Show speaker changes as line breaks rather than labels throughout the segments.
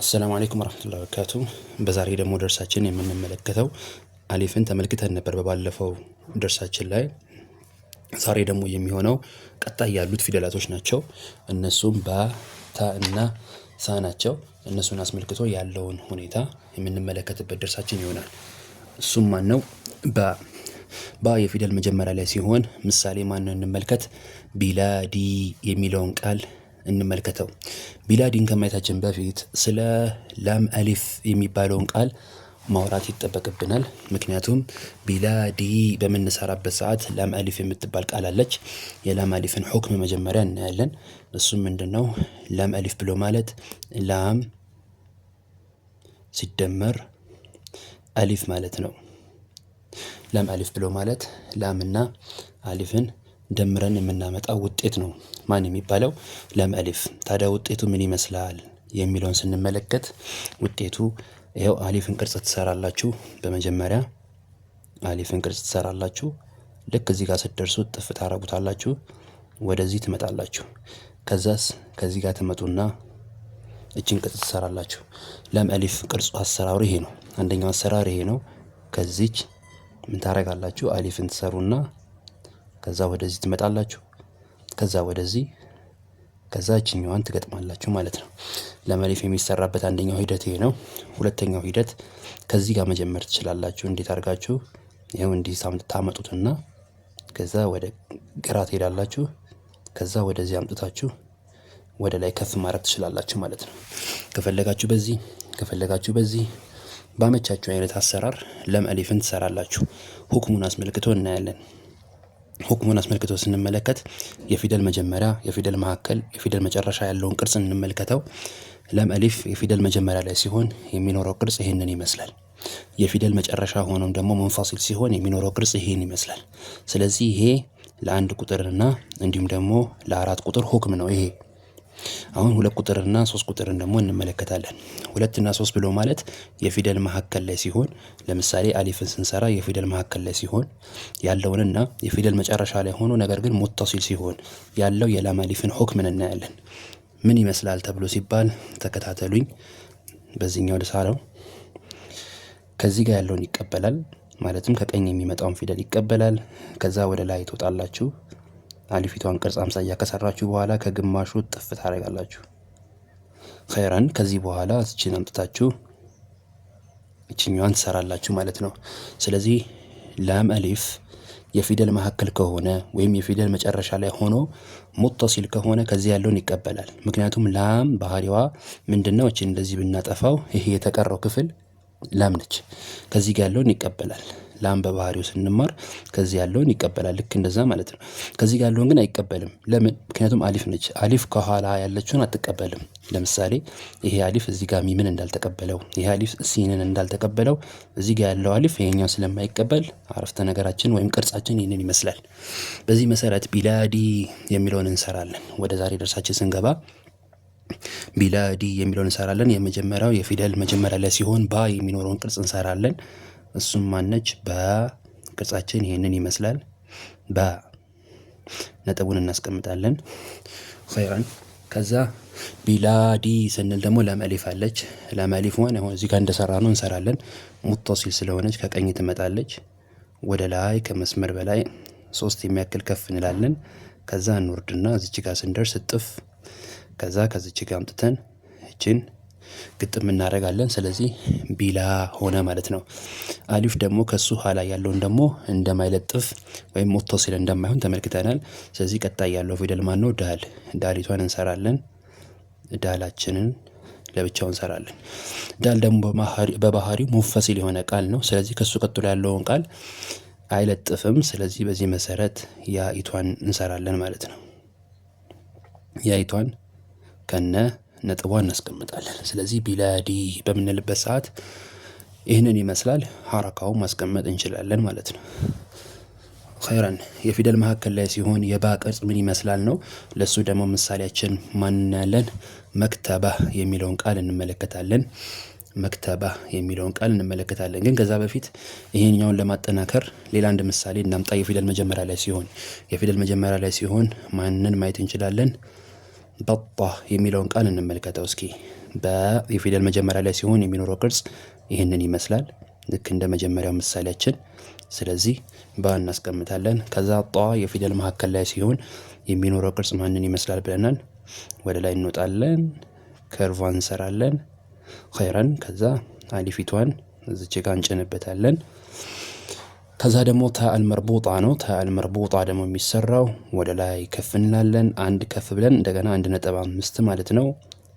አሰላሙ አለይኩም ወረህመቱላሂ ወበረካቱ። በዛሬ ደግሞ ደርሳችን የምንመለከተው አሊፍን ተመልክተን ነበር በባለፈው ደርሳችን ላይ። ዛሬ ደግሞ የሚሆነው ቀጣይ ያሉት ፊደላቶች ናቸው። እነሱም ባ፣ ታ እና ሳ ናቸው። እነሱን አስመልክቶ ያለውን ሁኔታ የምንመለከትበት ደርሳችን ይሆናል። እሱም ማን ነው? ባ ባ የፊደል መጀመሪያ ላይ ሲሆን ምሳሌ ማን ነው እንመልከት? ቢላዲ የሚለውን ቃል እንመልከተው። ቢላዲን ከማየታችን በፊት ስለ ላም አሊፍ የሚባለውን ቃል ማውራት ይጠበቅብናል። ምክንያቱም ቢላዲ በምንሰራበት ሰዓት ላም አሊፍ የምትባል ቃል አለች። የላም አሊፍን ሁክም መጀመሪያ እናያለን። እሱም ምንድን ነው? ላም አሊፍ ብሎ ማለት ላም ሲደመር አሊፍ ማለት ነው። ላም አሊፍ ብሎ ማለት ላምና አሊፍን ደምረን የምናመጣው ውጤት ነው ማን የሚባለው ለም አሊፍ ታዲያ ውጤቱ ምን ይመስላል የሚለውን ስንመለከት ውጤቱ ይኸው አሊፍን ቅርጽ ትሰራላችሁ በመጀመሪያ አሊፍን ቅርጽ ትሰራላችሁ ልክ እዚህ ጋር ስትደርሱ ጥፍ ታረጉታላችሁ ወደዚህ ትመጣላችሁ ከዛስ ከዚህ ጋር ትመጡና እችን ቅርጽ ትሰራላችሁ ለም አሊፍ ቅርጹ አሰራሩ ይሄ ነው አንደኛው አሰራር ይሄ ነው ከዚች ምን ታረጋላችሁ አሊፍን ትሰሩና ከዛ ወደዚህ ትመጣላችሁ ከዛ ወደዚህ ከዛ እችኛዋን ትገጥማላችሁ ማለት ነው። ለመሪፍ የሚሰራበት አንደኛው ሂደት ይሄ ነው። ሁለተኛው ሂደት ከዚህ ጋር መጀመር ትችላላችሁ። እንዴት አድርጋችሁ ይኸው እንዲህ ታመጡትና ከዛ ወደ ግራ ትሄዳላችሁ። ከዛ ወደዚህ አምጥታችሁ ወደ ላይ ከፍ ማድረግ ትችላላችሁ ማለት ነው። ከፈለጋችሁ በዚህ ከፈለጋችሁ በዚህ ባመቻችሁ አይነት አሰራር ለም አሊፍን ትሰራላችሁ። ሁክሙን አስመልክቶ እናያለን። ሁክሙን አስመልክቶ ስንመለከት የፊደል መጀመሪያ፣ የፊደል መካከል፣ የፊደል መጨረሻ ያለውን ቅርጽ እንመልከተው። ለም አሊፍ የፊደል መጀመሪያ ላይ ሲሆን የሚኖረው ቅርጽ ይህንን ይመስላል። የፊደል መጨረሻ ሆኖም ደግሞ መንፋሲል ሲሆን የሚኖረው ቅርጽ ይህን ይመስላል። ስለዚህ ይሄ ለአንድ ቁጥርና እንዲሁም ደግሞ ለአራት ቁጥር ሁክም ነው ይሄ አሁን ሁለት ቁጥር እና ሶስት ቁጥርን ደግሞ እንመለከታለን። ሁለት እና ሶስት ብሎ ማለት የፊደል መካከል ላይ ሲሆን ለምሳሌ አሊፍን ስንሰራ የፊደል መካከል ላይ ሲሆን ያለውንና የፊደል መጨረሻ ላይ ሆኖ ነገር ግን ሙተሲል ሲሆን ያለው የላም አሊፍን ሁክምን እናያለን። ምን ይመስላል ተብሎ ሲባል ተከታተሉኝ። በዚህኛው ልሳለው ከዚህ ጋር ያለውን ይቀበላል ማለትም ከቀኝ የሚመጣውን ፊደል ይቀበላል። ከዛ ወደ ላይ ትወጣላችሁ አሊፊቷን ቅርጽ አምሳያ ከሰራችሁ በኋላ ከግማሹ ጥፍ ታደርጋላችሁ። ኸይረን ከዚህ በኋላ እችን አምጥታችሁ እችኛዋን ትሰራላችሁ ማለት ነው። ስለዚህ ላም አሊፍ የፊደል መካከል ከሆነ ወይም የፊደል መጨረሻ ላይ ሆኖ ሙተሲል ከሆነ ከዚህ ያለውን ይቀበላል። ምክንያቱም ላም ባህሪዋ ምንድን ነው? እችን እንደዚህ ብናጠፋው ይሄ የተቀረው ክፍል ላም ነች። ከዚህ ጋር ያለውን ይቀበላል። ላም በባህሪው ስንማር ከዚህ ያለውን ይቀበላል ልክ እንደዛ ማለት ነው። ከዚህ ጋር ያለውን ግን አይቀበልም ለምን? ምክንያቱም አሊፍ ነች አሊፍ ከኋላ ያለችውን አትቀበልም። ለምሳሌ ይሄ አሊፍ እዚህ ጋር ሚምን እንዳልተቀበለው ይሄ አሊፍ ሲንን እንዳልተቀበለው እዚህ ጋር ያለው አሊፍ ይሄኛው ስለማይቀበል አረፍተ ነገራችን ወይም ቅርጻችን ይህንን ይመስላል። በዚህ መሰረት ቢላዲ የሚለውን እንሰራለን። ወደ ዛሬ ደርሳችን ስንገባ ቢላዲ የሚለውን እንሰራለን። የመጀመሪያው የፊደል መጀመሪያ ላይ ሲሆን ባ የሚኖረውን ቅርጽ እንሰራለን። እሱም ማነች በ ቅርጻችን ይህንን ይመስላል። በ ነጥቡን እናስቀምጣለን። ኸይረን ከዛ ቢላዲ ስንል ደግሞ ለመሊፍ አለች። ለመሊፍ ሆን አሁን እዚህ ጋር እንደሰራ ነው እንሰራለን። ሙተሲል ስለሆነች ከቀኝ ትመጣለች ወደ ላይ ከመስመር በላይ ሶስት የሚያክል ከፍ እንላለን። ከዛ እንወርድና እዚች ጋር ስንደርስ እጥፍ ከዛ ከዚች ጋር አምጥተን እችን ግጥም እናደርጋለን ስለዚህ ቢላ ሆነ ማለት ነው። አሊፍ ደግሞ ከሱ ኋላ ያለውን ደግሞ እንደማይለጥፍ ወይም ሙተሲል እንደማይሆን ተመልክተናል። ስለዚህ ቀጣይ ያለው ፊደል ማነው? ዳል ዳሊቷን እንሰራለን። ዳላችንን ለብቻው እንሰራለን። ዳል ደግሞ በባህሪው ሙፈሲል የሆነ ቃል ነው። ስለዚህ ከሱ ቀጥሎ ያለውን ቃል አይለጥፍም። ስለዚህ በዚህ መሰረት ያኢቷን እንሰራለን ማለት ነው። ያኢቷን ከነ ነጥቧን እናስቀምጣለን። ስለዚህ ቢላዲ በምንልበት ሰዓት ይህንን ይመስላል ሀረካው ማስቀመጥ እንችላለን ማለት ነው። ኸይረን የፊደል መካከል ላይ ሲሆን የባ ቅርጽ ምን ይመስላል ነው። ለእሱ ደግሞ ምሳሌያችን ማን እናያለን? መክተባ የሚለውን ቃል እንመለከታለን። መክተባ የሚለውን ቃል እንመለከታለን። ግን ከዛ በፊት ይሄኛውን ለማጠናከር ሌላ አንድ ምሳሌ እናምጣ። የፊደል መጀመሪያ ላይ ሲሆን የፊደል መጀመሪያ ላይ ሲሆን ማንን ማየት እንችላለን? በጣ የሚለውን ቃል እንመልከተው እስኪ። በፊደል የፊደል መጀመሪያ ላይ ሲሆን የሚኖረው ቅርጽ ይህንን ይመስላል፣ ልክ እንደ መጀመሪያው ምሳሌያችን። ስለዚህ በ እናስቀምጣለን። ከዛ ጣ የፊደል መካከል ላይ ሲሆን የሚኖረው ቅርጽ ማንን ይመስላል ብለናል። ወደ ላይ እንወጣለን፣ ከርቫ እንሰራለን፣ ኸይረን። ከዛ አሊፊቷን እዚች ጋ እንጭንበታለን። ከዛ ደግሞ ታአል መርቡጣ ነው። ታአል መርቡጣ ደግሞ የሚሰራው ወደ ላይ ከፍ እንላለን። አንድ ከፍ ብለን እንደገና አንድ ነጥብ አምስት ማለት ነው።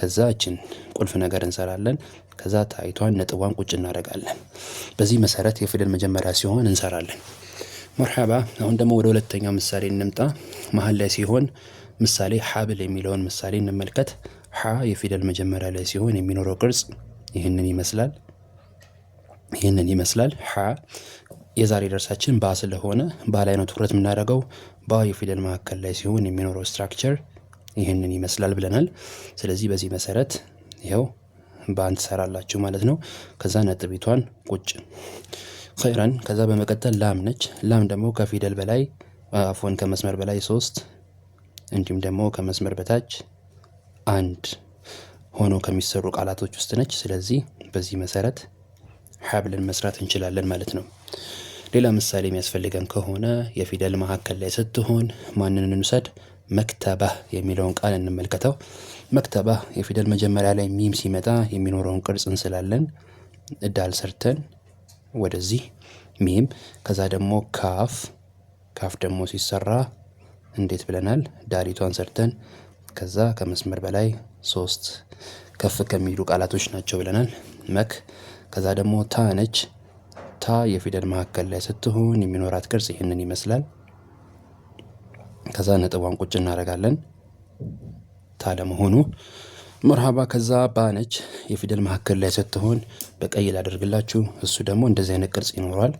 ከዛ እችን ቁልፍ ነገር እንሰራለን። ከዛ ታይቷን ነጥቧን ቁጭ እናደርጋለን። በዚህ መሰረት የፊደል መጀመሪያ ሲሆን እንሰራለን። መርሓባ። አሁን ደግሞ ወደ ሁለተኛው ምሳሌ እንምጣ። መሀል ላይ ሲሆን ምሳሌ ሀብል የሚለውን ምሳሌ እንመልከት። ሀ የፊደል መጀመሪያ ላይ ሲሆን የሚኖረው ቅርጽ ይህንን ይመስላል። ይህንን ይመስላል። ሀ የዛሬ ደርሳችን ባ ስለሆነ ባ ላይ ነው ትኩረት የምናደርገው። ባ የፊደል መካከል ላይ ሲሆን የሚኖረው ስትራክቸር ይህንን ይመስላል ብለናል። ስለዚህ በዚህ መሰረት ይኸው ባን ትሰራላችሁ ማለት ነው። ከዛ ነጥቢቷን ቁጭ ኸይረን። ከዛ በመቀጠል ላም ነች። ላም ደግሞ ከፊደል በላይ አፎን ከመስመር በላይ ሶስት እንዲሁም ደግሞ ከመስመር በታች አንድ ሆኖ ከሚሰሩ ቃላቶች ውስጥ ነች። ስለዚህ በዚህ መሰረት ሀብልን መስራት እንችላለን ማለት ነው። ሌላ ምሳሌ የሚያስፈልገን ከሆነ የፊደል መካከል ላይ ስትሆን ማንን እንውሰድ? መክተባህ የሚለውን ቃል እንመልከተው። መክተባህ የፊደል መጀመሪያ ላይ ሚም ሲመጣ የሚኖረውን ቅርጽ እንስላለን። እዳል ሰርተን ወደዚህ ሚም፣ ከዛ ደግሞ ካፍ። ካፍ ደግሞ ሲሰራ እንዴት ብለናል? ዳሪቷን ሰርተን ከዛ ከመስመር በላይ ሶስት ከፍ ከሚሉ ቃላቶች ናቸው ብለናል። መክ ከዛ ደግሞ ታነች ታ የፊደል መካከል ላይ ስትሆን የሚኖራት ቅርጽ ይህንን ይመስላል። ከዛ ነጥቧን ቁጭ እናደርጋለን። ታ ለመሆኑ መርሃባ። ከዛ ባነች የፊደል መካከል ላይ ስትሆን በቀይ ላደርግላችሁ። እሱ ደግሞ እንደዚህ አይነት ቅርጽ ይኖሯል።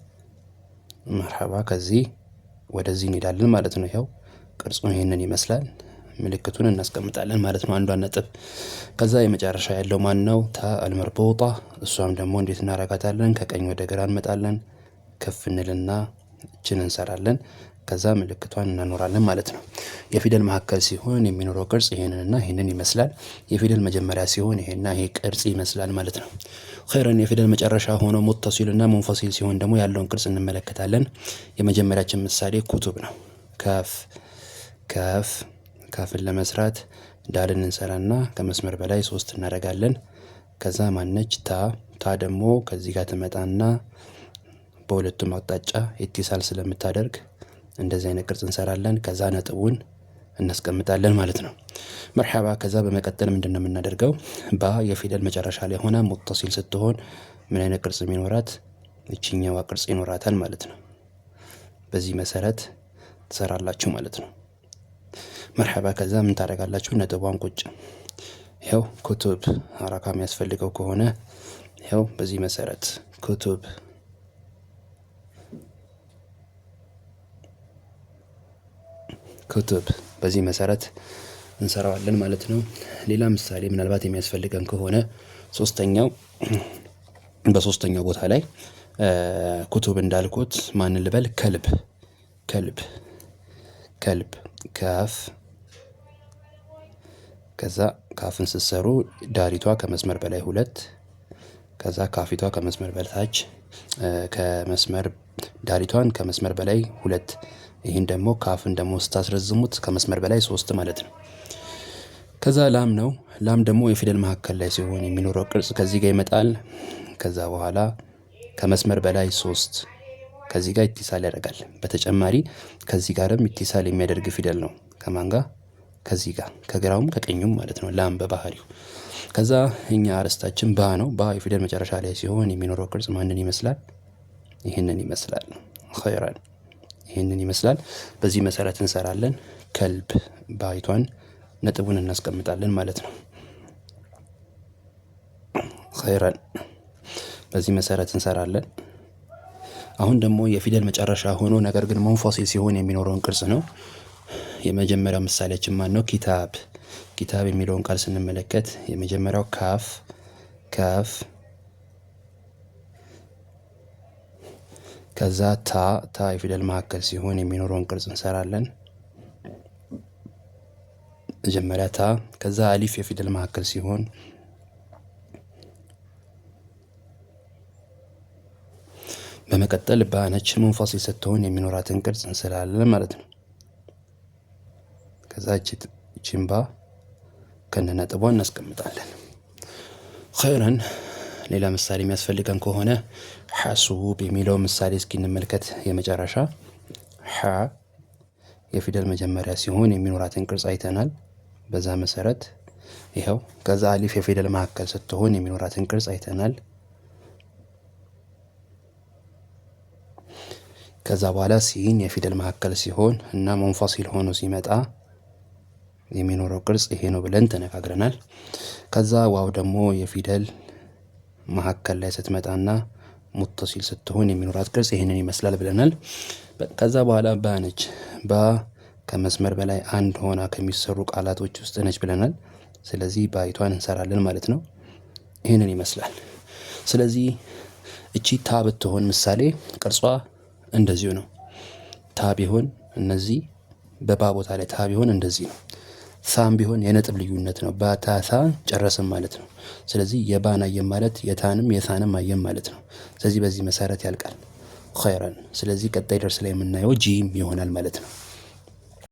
መርሃባ ከዚህ ወደዚህ እንሄዳለን ማለት ነው። ያው ቅርጹ ይህንን ይመስላል። ምልክቱን እናስቀምጣለን ማለት ነው። አንዷን ነጥብ ከዛ የመጨረሻ ያለው ማን ነው? ታ አልመርቦጣ እሷም ደግሞ እንዴት እናረጋታለን? ከቀኝ ወደ ግራ እንመጣለን፣ ከፍ እንልና እችን እንሰራለን። ከዛ ምልክቷን እናኖራለን ማለት ነው። የፊደል መካከል ሲሆን የሚኖረው ቅርጽ ይህንንና ይሄንን ይመስላል። የፊደል መጀመሪያ ሲሆን ይሄና ይሄ ቅርጽ ይመስላል ማለት ነው። ኸይረን የፊደል መጨረሻ ሆኖ ሙተሲልና ሙንፈሲል ሲሆን ደግሞ ያለውን ቅርጽ እንመለከታለን። የመጀመሪያችን ምሳሌ ኩቱብ ነው። ከፍ ከፍ ካፍን ለመስራት ዳልን እንሰራና ከመስመር በላይ ሶስት እናደርጋለን። ከዛ ማነች ታ ታ ደግሞ ከዚህ ጋር ትመጣና በሁለቱም አቅጣጫ ኢቲሳል ስለምታደርግ እንደዚህ አይነት ቅርጽ እንሰራለን። ከዛ ነጥቡን እናስቀምጣለን ማለት ነው። መርሓባ። ከዛ በመቀጠል ነው የምናደርገው? ባ የፊደል መጨረሻ ላይ ሆና ሙተሲል ስትሆን ምን አይነት ቅርጽ የሚኖራት? ይችኛዋ ቅርጽ ይኖራታል ማለት ነው። በዚህ መሰረት ትሰራላችሁ ማለት ነው። መርሐባ። ከዛ ምን ታደርጋላችሁ? ነጥቧን ቁጭ ያው ኩቱብ አራካ የሚያስፈልገው ከሆነ ያው በዚህ መሰረት ኩቱብ ኩቱብ በዚህ መሰረት እንሰራዋለን ማለት ነው። ሌላ ምሳሌ ምናልባት የሚያስፈልገን ከሆነ ሶስተኛው በሶስተኛው ቦታ ላይ ኩቱብ እንዳልኩት ማንን ልበል? ከልብ ከልብ ከልብ ከፍ ከዛ ካፍን ስትሰሩ ዳሪቷ ከመስመር በላይ ሁለት ከዛ ካፊቷ ከመስመር በታች ከመስመር ዳሪቷን ከመስመር በላይ ሁለት ይህን ደግሞ ካፍን ደግሞ ስታስረዝሙት ከመስመር በላይ ሶስት ማለት ነው። ከዛ ላም ነው። ላም ደግሞ የፊደል መካከል ላይ ሲሆን የሚኖረው ቅርጽ ከዚህ ጋር ይመጣል። ከዛ በኋላ ከመስመር በላይ ሶስት ከዚህ ጋር ኢትሳል ያደርጋል። በተጨማሪ ከዚህ ጋርም ኢትሳል የሚያደርግ ፊደል ነው። ከማን ጋር? ከዚህ ጋር ከግራውም ከቀኙም ማለት ነው። ላም በባህሪው ከዛ እኛ አርዕስታችን ባ ነው። ባ የፊደል መጨረሻ ላይ ሲሆን የሚኖረው ቅርጽ ማንን ይመስላል? ይህንን ይመስላል። ኸይራን ይህንን ይመስላል። በዚህ መሰረት እንሰራለን። ከልብ ባይቷን ነጥቡን እናስቀምጣለን ማለት ነው። ኸይራን በዚህ መሰረት እንሰራለን። አሁን ደግሞ የፊደል መጨረሻ ሆኖ ነገር ግን መንፎሲል ሲሆን የሚኖረውን ቅርጽ ነው። የመጀመሪያው ምሳሌያችን ማን ነው? ኪታብ። ኪታብ የሚለውን ቃል ስንመለከት የመጀመሪያው ካፍ ካፍ፣ ከዛ ታ ታ የፊደል መካከል ሲሆን የሚኖረውን ቅርጽ እንሰራለን። መጀመሪያ ታ፣ ከዛ አሊፍ የፊደል መካከል ሲሆን በመቀጠል በአይናችን መንፋስ የሰጥተውን የሚኖራትን ቅርጽ እንስላለን ማለት ነው። ከዛች ጅንባ ከነነጥቧ እናስቀምጣለን። ኸይረን ሌላ ምሳሌ የሚያስፈልገን ከሆነ ሐሱብ የሚለው ምሳሌ እስኪ እንመልከት። የመጨረሻ ሐ የፊደል መጀመሪያ ሲሆን የሚኖራትን ቅርጽ አይተናል። በዛ መሰረት ይኸው። ከዛ አሊፍ የፊደል መካከል ስትሆን የሚኖራትን ቅርጽ አይተናል። ከዛ በኋላ ሲን የፊደል መካከል ሲሆን እና መንፋሲል ሆኖ ሲመጣ የሚኖረው ቅርጽ ይሄ ነው ብለን ተነጋግረናል። ከዛ ዋው ደግሞ የፊደል መካከል ላይ ስትመጣና ሙተሲል ስትሆን የሚኖራት ቅርጽ ይህንን ይመስላል ብለናል። ከዛ በኋላ ባነች። ባ ከመስመር በላይ አንድ ሆና ከሚሰሩ ቃላቶች ውስጥ ነች ብለናል። ስለዚህ ባይቷን እንሰራለን ማለት ነው። ይህንን ይመስላል። ስለዚህ እቺ ታ ብትሆን ምሳሌ ቅርጿ እንደዚሁ ነው። ታ ቢሆን እነዚህ በባ ቦታ ላይ ታ ቢሆን እንደዚህ ነው። ሳም ቢሆን የነጥብ ልዩነት ነው። ባታሳ ጨረስም ማለት ነው። ስለዚህ የባን አየም ማለት የታንም የሳንም አየም ማለት ነው። ስለዚህ በዚህ መሰረት ያልቃል። ኸይረን። ስለዚህ ቀጣይ ደርስ ላይ የምናየው ጂም ይሆናል ማለት ነው።